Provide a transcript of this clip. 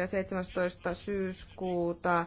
ja 17. syyskuuta